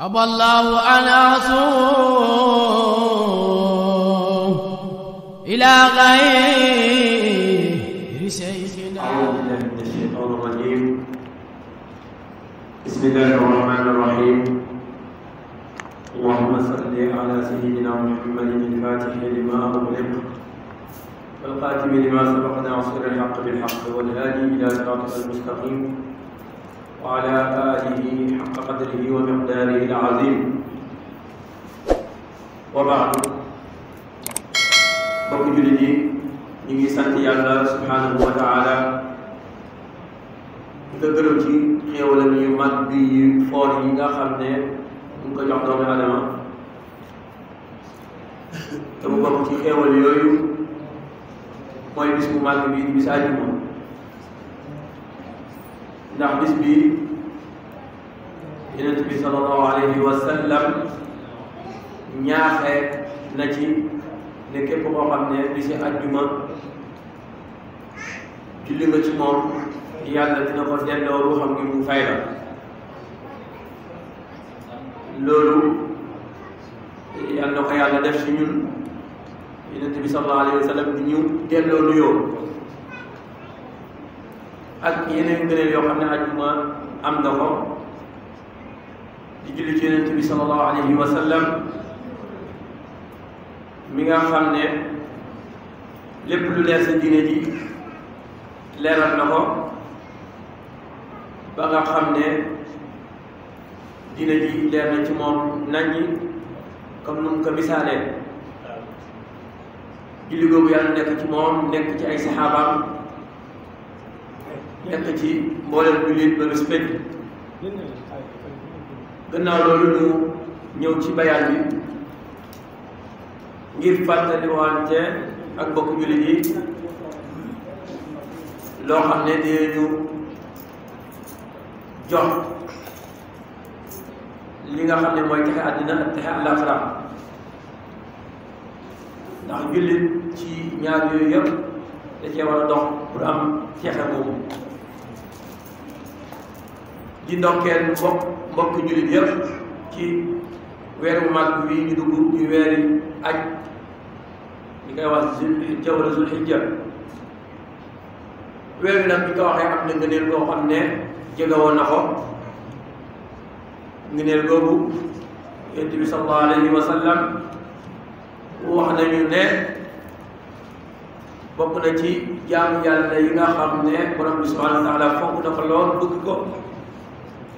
أبى الله أن أصوم إلى غير سيدنا أعوذ بالله من الشيطان الرجيم بسم الله الرحمن الرحيم اللهم صل على سيدنا محمد الفاتح لما أغلق والقاتم لما سبق ناصر الحق بالحق والهادي إلى صراطك المستقيم وعلى آله حق قدره ومقداره العظيم وبعد بك جلدي نيجي سنت الله سبحانه وتعالى تدرم جي خيولا من يمات بي فوري لا خمنا نكا جعضا من عدما تبقى بك خيولا يويو ما يبسمو مالك بيدي بسعجمه نعم نسبي إلى النبي صلى الله عليه وسلم ñaaxee na ci ne képp koo xam ne bi si ajjuma julli nga ci moom yàlla dina ko delloo ruuxam gi mu fay la loolu yàlla na ko yàlla def si ñun yonent bi sallallahu alayhi wa sallam di ñu delloo nuyoo ak yeneen gëneel yoo xam ne ajuma am na ko di julli ci yonent bi salallahu alayhi wa sallam mi nga xam ne lépp lu leer sa diine ji leeral na ko ba nga xam ne diine ji leer na ci moom comme nu mu ko misaalee julli googu yàlla nekk ci moom nekk ci ay nekk ci mboolem jullit ba respect gannaaw loolu ñëw ci bayaan bi ngir fàttaliwaante ak mbokk jullit yi loo xam ne dinañu jox li nga xam ne mooy texe àddina ak texe àllaaxira ndax jullit ci ñaar yooyu yëpp da war dox pour am texe boobu di ndokkeel mbokk mbokk jullit yëpp ci weeru mag bi ñu dugg ñu weeri aj li koy wax jawra zul hijja weer nag bi ko waxee am na ngëneel boo xam ne jege woon na ko ngëneel googu yonent bi sallallahu alayhi wa sallam wax nañu ne bokk na ci jaamu yàlla yi nga xam ne borom bi subhanahu wa taala fonk lool bëgg ko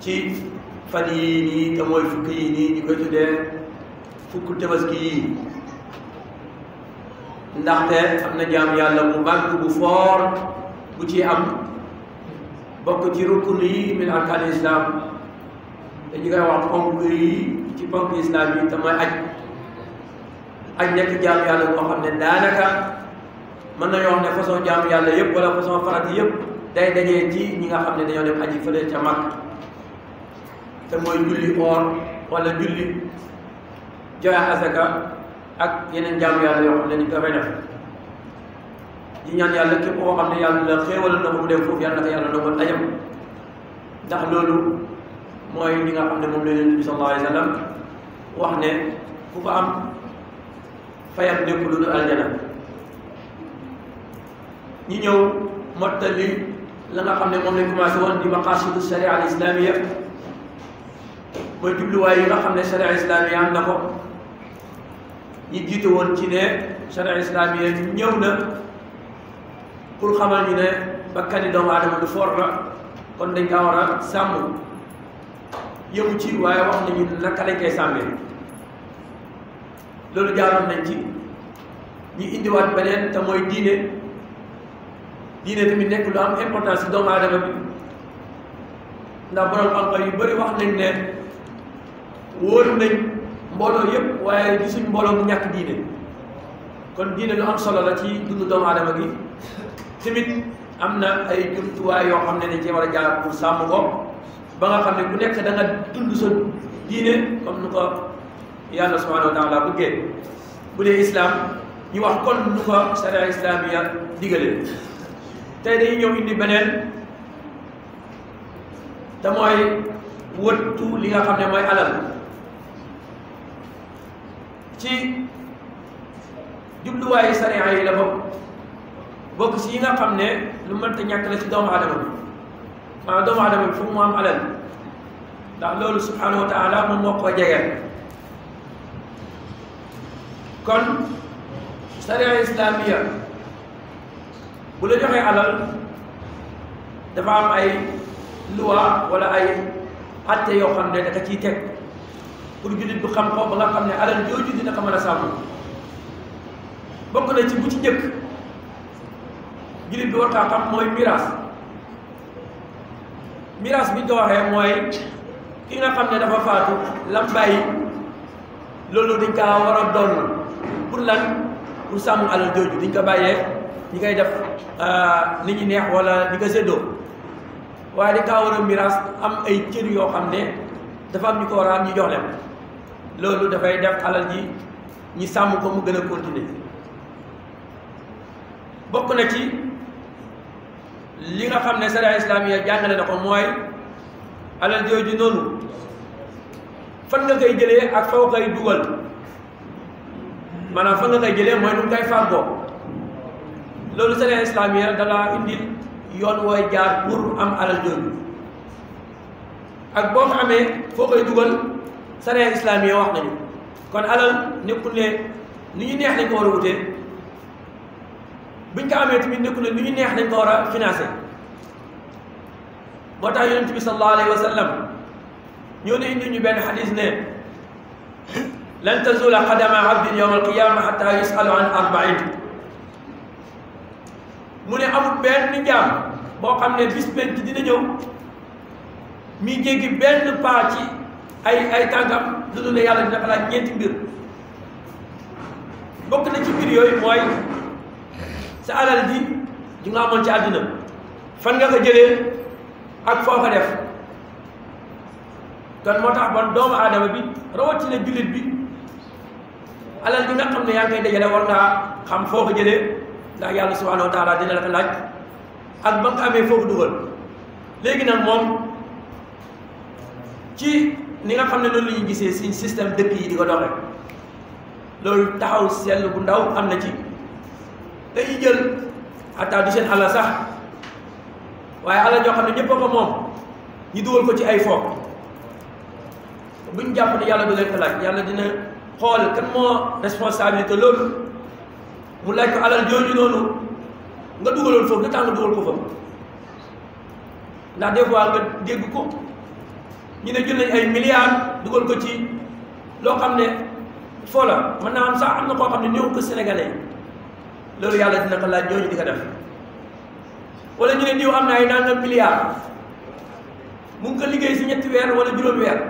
ci fan yii nii te mooy fukk yii nii ñu koy tuddee fukk tabaski yii ndaxte am na jaam yàlla bu màgg bu foor bu ci am bokk ci rukun yi min arkaan islam te koy wax ponk yi ci ponk islam yi te mooy aj aj nekk jaam yàlla boo xam ne daanaka mën na yoo xam ne façon jaam yàlla yëpp wala façon farat yëpp day dajee ci ñi nga xam ne dañoo dem aji fële ca mag te mooy julli or wala julli joxe ak yeneen jaamu yàlla yoo xam ni ko def di ñaan yàlla képp koo xam ne yàlla na ko mu dem foofu yàlla na ko dogal ajam ndax loolu mooy li nga xam ne la bi sallallahu alayhi wax ne ku ko am nekk lu aljana ñi mottali la nga xam ne lañ commencé di maqasidu sharia al islamiyya mooy jubluwaay yi nga xam ne sharia islamiya am na ko ñi jiite woon ci ne sharia islamiya ñëw na pour xamal ñu ne bakkani doomu aadama du foor la kon dañ kaa war a sàmm yëmu ci waaye wax nañu naka lañ koy sàmmee loolu jaaroon nañ ci ñu indiwaat beneen te mooy diine diine tamit nekk lu am importance ci doomu aadama bi ndax borom xam-xam yu bëri wax nañ ne wóolu nañ mbooloo yépp waaye gisuñ mbooloo mu ñàkk diine kon diine lu am solo la ci dundu doomu adama gi tamit am na ay jumtuwaay yoo xam ne dañ cee war a jaar pour sàmm ko ba nga xam ne ku nekk da nga dund sa diine comme nu ko yàlla subhanahu wa taala bëggee bu dee islam ñu wax kon nu ko sharia islamiya digale tey dañu ñëw indi beneen te mooy wëttu li nga xam ne mooy alal ci jubluwaayu sariya yi la bokk bokk si yi nga xam ne lu mënta ñàkk la ci doomu aadama bi maanaam doomu aadama bi fu mu am alal ndax loolu subhaanahu wa taala moo ko jegeel kon sariya islamiya bu la joxee alal dafa am ay loi wala ay atte yoo xam ne dafa ciy teg pour jullit bu xam ko ba nga xam ne alal jooju dina ko mën a sàmm bokk na ci bu ci njëkk jullit bi war kaa xam mooy miraas miraas bi ñu ko waxee mooy ki nga xam ne dafa faatu lam bàyyi loolu dañ kaa war a doon pour lan pour sàmm alal jooju dañ ko bàyyee ñi koy def euh, nit ñi neex wala dinga ko séddoo waaye dañ kaa war a miraas am ay cër yoo xam ne dafa am ñu ko war a am ñu jox leen loolu dafay def alal ji ñi sàmm ko mu gën a continuer bokk na ci li nga xam ne sariya islamiya jàngale na ko mooy alal jooju noonu fan nga koy jëlee ak foo koy dugal manaa fan nga koy jëlee mooy nu koy fàggoo loolu sariya islamiya dalaa indil yoon wooy jaar pour am alal jooju ak boo ko amee foo koy dugal سريع إسلامي واحد كان على نقول لي نيجي نحن نقول وده بنك أميت من نقول نيجي نحن نقول في ناس متى ينتمي صلى الله عليه وسلم يوني إني نبين حديثنا لن تزول قدم عبد يوم القيامة حتى يسأل عن أربعين من أمر بين نجام بقى من بسبن تدينه يوم ميجي بين باتي ay ay tànkam lu dul ne yàlla dina ko laaj ñeenti mbir bokk na ci mbir yooyu mooy sa alal ji nga amoon ci àddina fan nga ko jëlee ak foo def kon moo tax bon doomu aadama bi rawatina jullit bi alal ji nga xam ne yaa ngay dajale war ngaa xam foo ko ndax yàlla subhanahu wa taala dina la ko laaj ak ba nga amee foo dugal léegi nag moom ci ni nga xam ne noonu la ñuy gisee suñ système dëkk yi di ko doxee loolu taxaw seetlu bu ndaw am na ci dañuy jël xataa du seen alal sax waaye alal joo xam ne ñëpp a ko moom ñu dugal ko ci ay fo buñ jàpp ne yàlla du leen ko laaj yàlla dina xool kan moo responsabilité loolu mu laaj ko alal jooju noonu nga dugaloon foofu nga tax dugal ko fa ndax des fois nga ko. ñu ne jël nañ ay milliards dugal ko ci loo xam ne foo la mën naa am sax am na koo xam ne néew ko sénégalais loolu yàlla dina ko laaj ñooñu di ko def wala ñu ne diw am na ay nangam milliards mu ngi ko liggéey si ñetti weer wala juróomi weer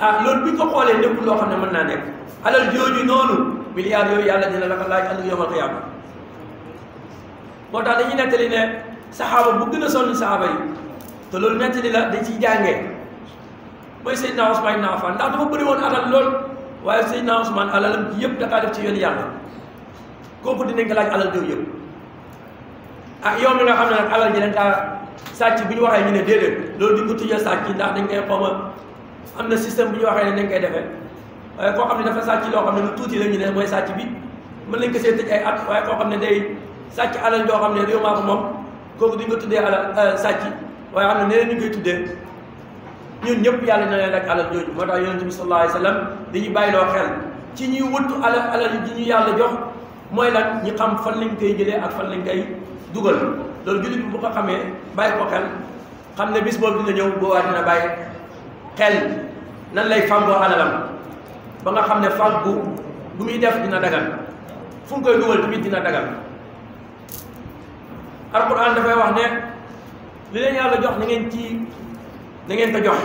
ah loolu bi ko xoolee nekkul loo xam ne mën naa nekk alal jooju noonu milliards yooyu yàlla dina la ko laaj ëllëg yawmal qiyaama moo tax dañuy nettali ne saxaaba bu gën a sonn saxaaba yi. te loolu nettali la dañ ciy jàngee mooy Seydina Ousmane ibn Affan ndax dafa bëri woon alal lool waaye Seydina Ousmane alalam ji yëpp da def ci yoon yàlla kooku dinañ ko laaj alal jooju yëpp ah yow mi xam ne nag alal ji dañ kaa sàcc bu ñu waxee ñu ne déedéet loolu di ko tujjee sàcc ndax dañ koy xawma na système bu ñu waxee ne dañ koy defee waaye koo xam ne dafa sàcc loo xam ne tuuti la ñu ne mooy sàcc bi mën nañ ko see ne day sàcc alal joo xam ne réew maa moom kooku duñ ko tuddee alal euh, sàcc waaye xam ne neneen ñu koy tuddee ñun ñëpp yàlla na leen rek alal jooju moo tax yonente bi sallallahu alayhi wa sallam dañuy bàyyiloo xel ci ñuy wëttu alal alal ji ñu yàlla jox mooy lan ñu xam fan lañ koy jëlee ak fan lañ koy dugal loolu jullit bi bu ko xamee bàyyi ko xel xam ne bis boobu dina ñëw boobaa dina bàyyi xel nan lay fàggoo alalam ba nga xam ne fàggu bu muy def dina dagal fu mu koy dugal tamit dina dagal alquran dafay wax ne li leen yàlla jox na ngeen ci na ngeen ko jox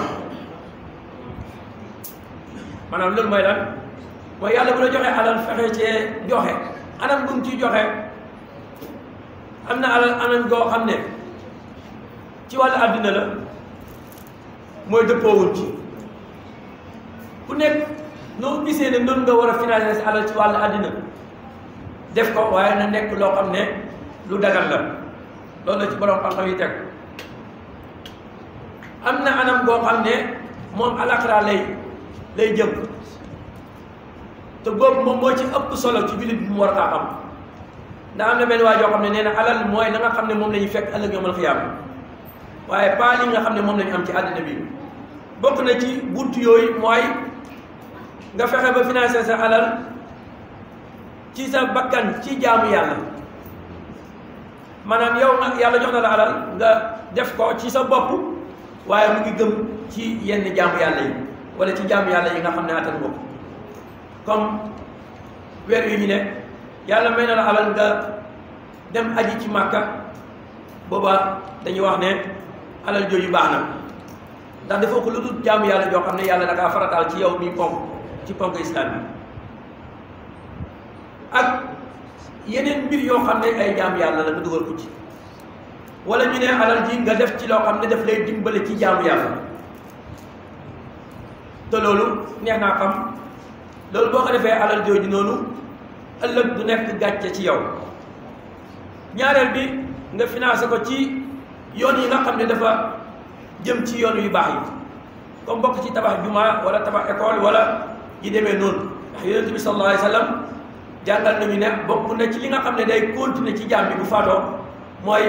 maanaam loolu mooy lan mooy yàlla bu la joxee alal fexe cee joxe anam bu mu ciy joxe am na alal anam goo xam ne ci wàll àddina la mooy dëppoowul ci ku nekk noo gisee ne noonu nga war a financer sa alal ci wàll àddina def ko waaye na nekk loo xam ne lu dagal la loolu la ci borom xam-xam yi teg am na anam goo xam ne moom alaxira lay lay jëm te boobu moom moo ci ëpp solo ci jullit bi mu war a xam ndax am na benn waa joo xam ne nee na alal mooy na nga xam ne moom la ñuy fekk ëllëg yomal xiyaam waaye pas li nga xam ne moom la am ci àddina bi bokk na ci bunt yooyu mooy nga fexe ba financer sa ci sa bakkan ci jaamu yàlla maanaam yow nag yàlla jox na la alal nga def ko ci sa bopp waaye mu ngi gëm ci yenn jaamu yàlla yi wala ci jàmm yàlla yi nga xam ne attan ko comme weer yu ñu ne yàlla may na la alal nga dem aji ci màkka booba dañuy wax ne alal jooju baax na ndax defoo ko lu dul jàmm yàlla joo xam ne yàlla da kaa farataal ci yow mi ponk ci ponk islam bi ak yeneen mbir yoo xam ne ay jaamu yàlla la nga dugal ko ci wala ñu ne alal ji nga def ci loo xam ne daf lay dimbali ci jaamu yàlla te loolu neex naa xam loolu boo ko defee alal jooju noonu ëllëg du nekk gàcce ci yow ñaareel bi nga financé ko ci yoon yi nga xam ne dafa jëm ci yoon yu baax yi comme bokk ci tabax jumaa wala tabax école wala yi demee noonu ndax yonent bi sallallahu alayhi wa sallam jàngal nañu ne bokk na ci li nga xam ne day continuer ci jaam bi bu faatoo mooy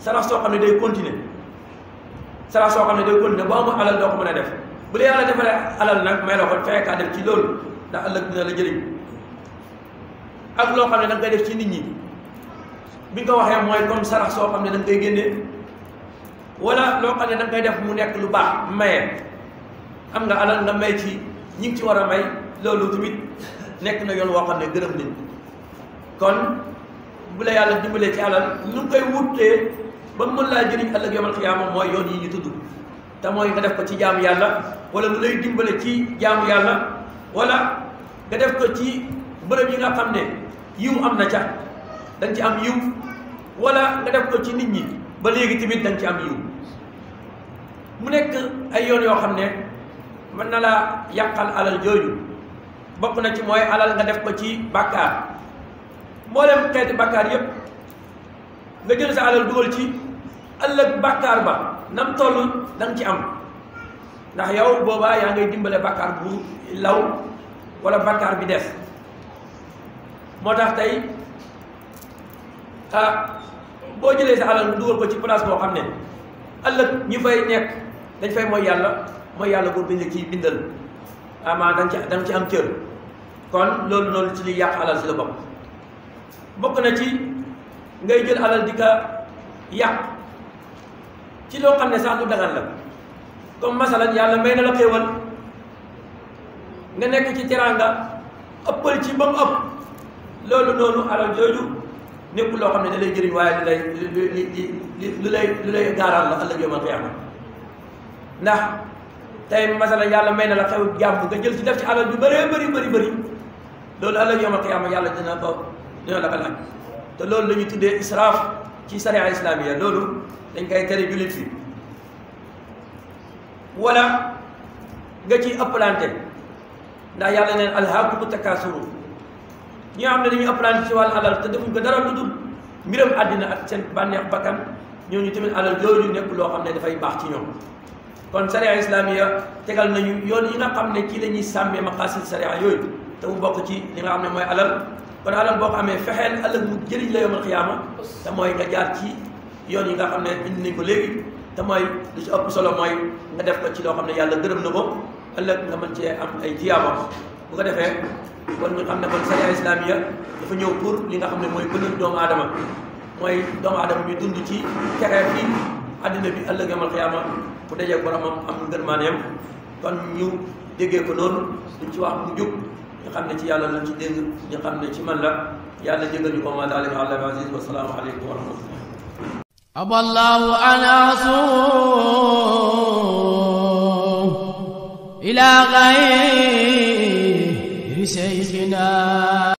sarax soo xam ne day continuer sarax soo xam ne day continuer boo amul alal doo ko mën a def bu la yàlla defaree alal nag may la ko fexe kaa def ci loolu ndax ëllëg dina la jëriñ ak loo xam ne da ngay def ci nit ñi bi nga ko waxee mooy comme sarax soo xam ne da nga koy génnee wala loo xam ne da ngay def mu nekk lu baax maye am nga alal nga may ci ñi ngi ci war a may loolu tamit nekk na yoon woo xam ne gërëm nañ kon bu yàlla dimbalee ci alal nu koy wutee ba mu mën laa jëriñ ëllëg yomal xiyaama mooy yoon yi ñu tudd te mooy nga def ko ci jaamu yàlla wala lu lay dimbale ci jaamu yàlla wala nga def ko ci bërëb yi nga xam ne yiw am na ca dañ ci am yiw wala nga def ko ci nit ñi ba léegi tamit dañ ci am yiw mu nekk ay yoon yoo xam ne mën na laa yàqal alal jooju bokk na ci mooy alal nga def ko ci bàkkaar mbooleem xeeti bàkkaar yépp nga jël sa alal dugal ci ëllëg bàkkaar ba nam toll danga ci am ndax yow boobaa yaa ngay dimbale bàkkaar bu law wala bàkkaar bi des moo tax tey ah boo jëlee sa alal dugal ko ci place boo xam ne ëllëg ñu fay nekk dañ fay mooy yàlla mooy yàlla boobu dañ la ciy bindal amaa ah, danga ci danga ci am cër kon loolu noonu ci li yàq alal si la bokk bokk na ci ngay jël alal di ka yàq ci loo xam ne sax du dagan la comme masalan yàlla may na la xéewal nga nekk ci teraanga ëppal ci ba mu ëpp loolu noonu alal jooju nekkul loo xam ne da lay jëriñ waaye lu lay lu lay lu lay gaaraal la ëllëg yawmal qiyaama ndax tey masalan yàlla may na la xew jàmm nga jël ci def ci alal ju bëree bëri bëri bëri loolu ëllëg yawmal qiyaama yàlla dina ko dañoo dagal nag te loolu la ñu tuddee israaf ci sariya islamiya loolu dañ koy tere jullit fi wala nga ciy ëppalante ndax yàlla neen alhaakumu takaasuru ñi nga xam ne dañuy ëppalante ci wàllu alal te defuñ ko dara lu dul mbiram àddina ak seen bànneex bakkan ñooñu tamit alal loolu nekk loo xam ne dafay baax ci ñoom kon sariya islamiya tegal nañu yoon yi nga xam ne ci la ñuy sàmmee maqaasid sariya yooyu te mu bokk ci li nga xam ne mooy alal kon alal boo ko amee fexeel ëllëg mu jëriñ la yomal xiyaama te mooy nga jaar ci yoon yi nga xam ne indi nañ ko léegi te mooy lu ci ëpp solo mooy nga def ko ci loo xam ne yàlla gërëm na ko ëllëg nga mën cee am ay tiyaaba bu ko defee kon ñu xam ne kon sariya islamiya dafa ñëw pour li nga xam ne mooy bënal doomu aadama mooy doomu aadama bi dund ci texee bi àddina bi ëllëg yomal xiyaama bu dajee boromam am ngërmaaneem kon ñu déggee ko noonu duñ ci wax mu jub يخمن تي يالا لنتي دين يخمن تي ملا يالا جيغل نكو ما دالك الله العزيز والسلام عليكم ورحمة الله أبا الله أنا رسول إلى غير سيدنا